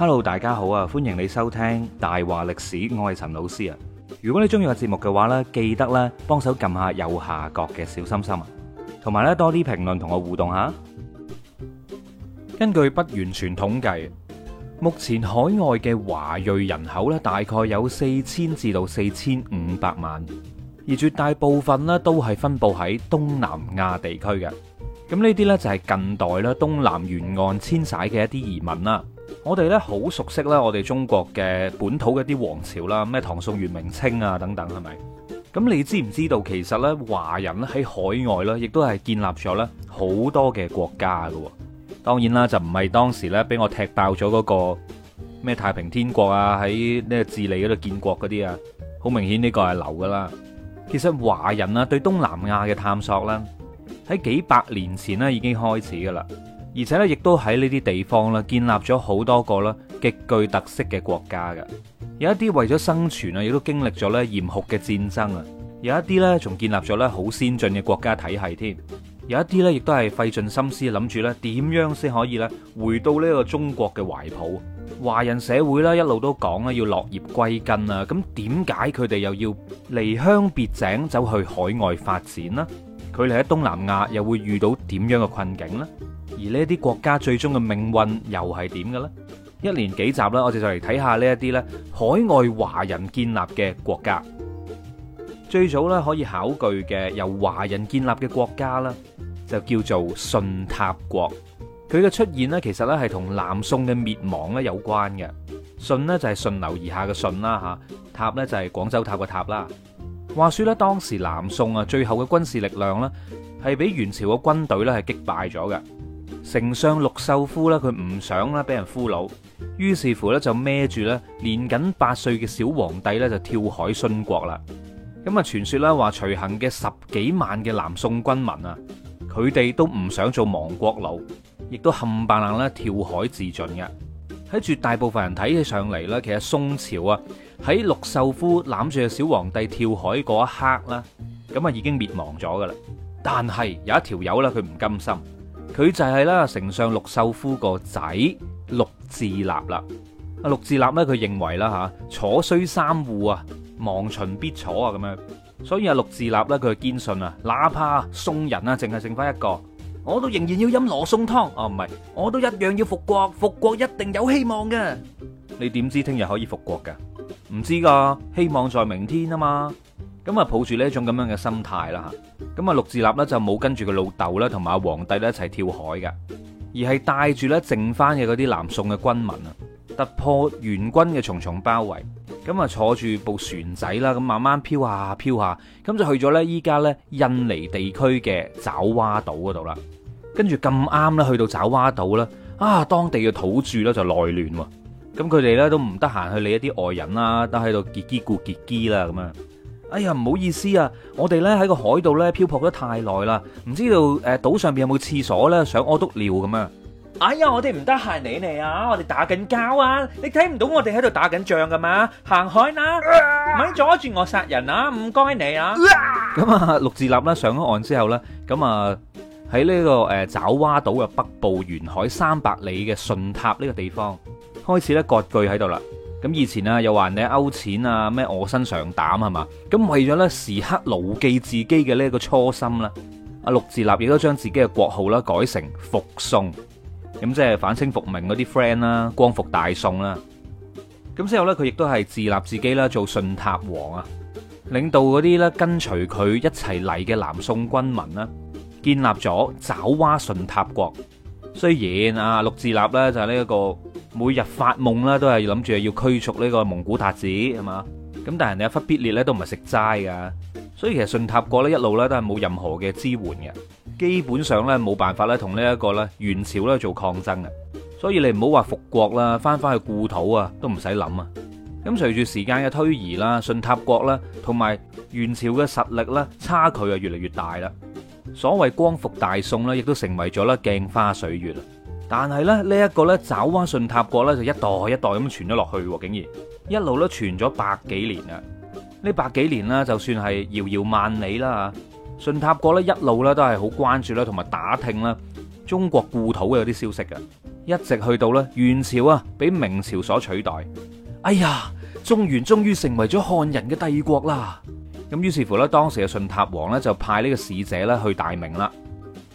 hello，大家好啊！歡迎你收聽大話歷史，我係陳老師啊。如果你中意個節目嘅話呢，記得咧幫手撳下右下角嘅小心心，啊，同埋咧多啲評論同我互動下。根據不完全統計，目前海外嘅華裔人口咧大概有四千至到四千五百萬，而絕大部分咧都係分布喺東南亞地區嘅。咁呢啲呢，就係近代咧東南沿岸遷徙嘅一啲移民啦。我哋呢好熟悉咧，我哋中國嘅本土嘅啲王朝啦，咩唐宋元明清啊等等，係咪？咁你知唔知道其實呢華人喺海外呢，亦都係建立咗呢好多嘅國家噶。當然啦，就唔係當時呢俾我踢爆咗嗰個咩太平天國啊，喺呢個智利嗰度建國嗰啲啊，好明顯呢個係流噶啦。其實華人啊對東南亞嘅探索啦，喺幾百年前呢已經開始噶啦。而且咧，亦都喺呢啲地方啦，建立咗好多個啦，極具特色嘅國家嘅。有一啲為咗生存啊，亦都經歷咗咧嚴酷嘅戰爭啊。有一啲咧，仲建立咗咧好先進嘅國家體系添。有一啲咧，亦都係費盡心思諗住咧，點樣先可以咧回到呢個中國嘅懷抱。華人社會咧，一路都講啦，要落葉歸根啊。咁點解佢哋又要離鄉別井走去海外發展呢？佢哋喺東南亞又會遇到點樣嘅困境呢？而呢啲國家最終嘅命運又係點嘅咧？一連幾集啦，我哋就嚟睇下呢一啲咧海外華人建立嘅國家。最早咧可以考據嘅由華人建立嘅國家啦，就叫做順塔國。佢嘅出現呢，其實咧係同南宋嘅滅亡咧有關嘅。順呢，就係順流而下嘅順啦，嚇塔呢，就係廣州塔嘅塔啦。話説咧，當時南宋啊最後嘅軍事力量呢，係俾元朝嘅軍隊咧係擊敗咗嘅。丞相陸秀夫啦，佢唔想啦，俾人俘虜，於是乎咧就孭住咧年僅八歲嘅小皇帝咧就跳海殉國啦。咁啊，傳說啦話隨行嘅十幾萬嘅南宋軍民啊，佢哋都唔想做亡國佬，亦都冚唪唥啦跳海自盡嘅。喺絕大部分人睇起上嚟咧，其實宋朝啊喺陸秀夫攬住嘅小皇帝跳海嗰一刻啦，咁啊已經滅亡咗噶啦。但係有一條友啦，佢唔甘心。佢就係啦，丞相陸秀夫個仔陸自立啦。啊，陸自立咧，佢認為啦嚇，楚雖三戶啊，亡秦必楚。啊，咁樣。所以啊，陸自立咧，佢堅信啊，哪怕宋人啊，淨係剩返一個，我都仍然要飲羅宋湯。哦，唔係，我都一樣要復國，復國一定有希望嘅。你點知聽日可以復國㗎？唔知㗎，希望在明天啊嘛。咁啊，抱住呢一種咁樣嘅心態啦，嚇咁啊，陸自立咧就冇跟住個老豆咧，同埋皇帝咧一齊跳海㗎，而係帶住咧剩翻嘅嗰啲南宋嘅軍民啊，突破元軍嘅重重包圍，咁啊，坐住部船仔啦，咁慢慢漂下漂下，咁就去咗咧。依家咧印尼地區嘅爪哇島嗰度啦，跟住咁啱咧去到爪哇島啦，啊，當地嘅土著咧就內亂喎，咁佢哋咧都唔得閒去理一啲外人啦，都喺度結基固結基啦咁樣。哎呀，唔好意思啊，我哋咧喺個海度咧漂泊得太耐啦，唔知道誒島上邊有冇廁所咧，想屙督尿咁啊！哎呀，我哋唔得閒理你啊，我哋打緊交啊，你睇唔到我哋喺度打緊仗噶嘛？行海啦，咪阻住我殺人啦！唔該你啊。咁啊，陸自立啦上咗岸之後咧，咁啊喺呢個誒爪哇島嘅北部沿海三百里嘅順塔呢個地方開始咧割據喺度啦。咁以前啊，又話人哋勾錢啊，咩臥薪嘗膽係嘛？咁為咗咧時刻牢記自己嘅呢一個初心啦，阿陸自立亦都將自己嘅國號啦改成復宋，咁即係反清復明嗰啲 friend 啦，光復大宋啦。咁之後咧，佢亦都係自立自己啦，做順塔王啊，領導嗰啲咧跟隨佢一齊嚟嘅南宋軍民啦，建立咗爪哇順塔國。雖然啊，陸自立咧就係呢一個。每日發夢啦，都係諗住要驅逐呢個蒙古達子，係嘛？咁但係人哋忽必烈咧都唔係食齋㗎，所以其實順塔國咧一路咧都係冇任何嘅支援嘅，基本上咧冇辦法咧同呢一個咧元朝咧做抗爭嘅，所以你唔好話復國啦，翻返去故土啊都唔使諗啊！咁隨住時間嘅推移啦，順塔國啦同埋元朝嘅實力咧差距啊越嚟越大啦，所謂光復大宋咧亦都成為咗咧鏡花水月啦。但係咧，呢、這、一個咧，爪哇順塔國咧就一代一代咁傳咗落去，竟然一路咧傳咗百幾年啊！呢百幾年啦，就算係遙遙萬里啦，順塔國咧一路咧都係好關注咧同埋打聽啦中國故土嘅啲消息嘅，一直去到咧元朝啊，俾明朝所取代。哎呀，中原終於成為咗漢人嘅帝國啦！咁於是乎咧，當時嘅順塔王咧就派呢個使者咧去大明啦。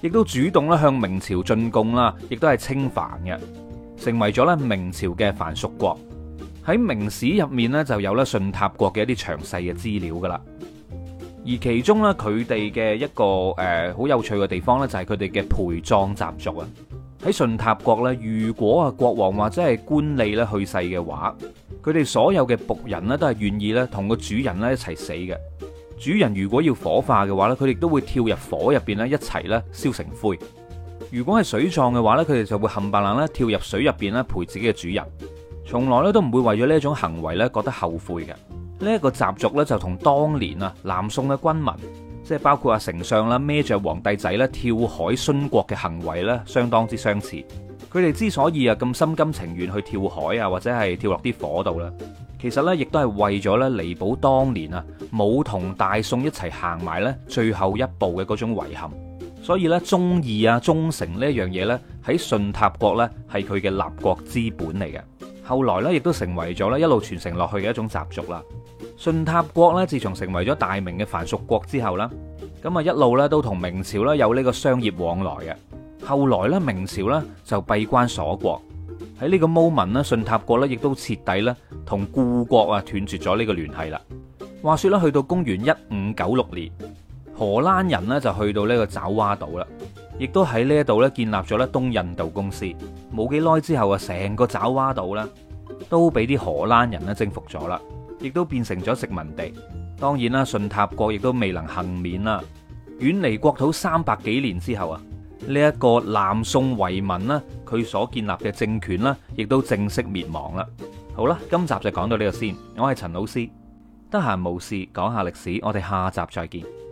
亦都主動咧向明朝進貢啦，亦都係稱藩嘅，成為咗咧明朝嘅藩屬國。喺明史入面咧，就有咧順塔國嘅一啲詳細嘅資料噶啦。而其中咧佢哋嘅一個誒好、呃、有趣嘅地方咧，就係佢哋嘅陪葬習俗啊。喺順塔國咧，如果啊國王或者係官吏咧去世嘅話，佢哋所有嘅僕人咧都係願意咧同個主人咧一齊死嘅。主人如果要火化嘅話呢，佢哋都會跳入火入邊咧一齊咧燒成灰；如果係水葬嘅話呢，佢哋就會冚唪唥咧跳入水入邊咧陪自己嘅主人，從來咧都唔會為咗呢一種行為咧覺得後悔嘅。呢一個習俗呢，就同當年啊南宋嘅軍民，即係包括阿丞相啦孭着皇帝仔咧跳海殉國嘅行為咧相當之相似。佢哋之所以啊咁心甘情願去跳海啊，或者係跳落啲火度啦。其實咧，亦都係為咗咧彌補當年啊冇同大宋一齊行埋咧最後一步嘅嗰種遺憾，所以咧忠義啊忠誠呢一樣嘢咧喺順塔國咧係佢嘅立國之本嚟嘅，後來咧亦都成為咗咧一路傳承落去嘅一種習俗啦。順塔國咧自從成為咗大明嘅藩屬國之後啦，咁啊一路咧都同明朝咧有呢個商業往來嘅，後來咧明朝咧就閉關鎖國。喺呢個 moment 咧，順塔國咧，亦都徹底咧，同故國啊斷絕咗呢個聯繫啦。話說咧，去到公元一五九六年，荷蘭人咧就去到呢個爪哇島啦，亦都喺呢一度咧建立咗咧東印度公司。冇幾耐之後啊，成個爪哇島咧都俾啲荷蘭人咧征服咗啦，亦都變成咗殖民地。當然啦，順塔國亦都未能幸免啦，遠離國土三百幾年之後啊，呢一個南宋遺民啦，佢所建立嘅政權啦，亦都正式滅亡啦。好啦，今集就講到呢度先。我係陳老師，得閒冇事講下歷史，我哋下集再見。